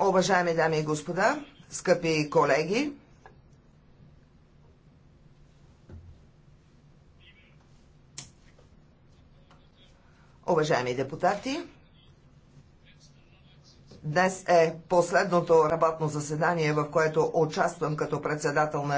Уважаеми дами и господа, скъпи колеги, уважаеми депутати, днес е последното работно заседание, в което участвам като председател на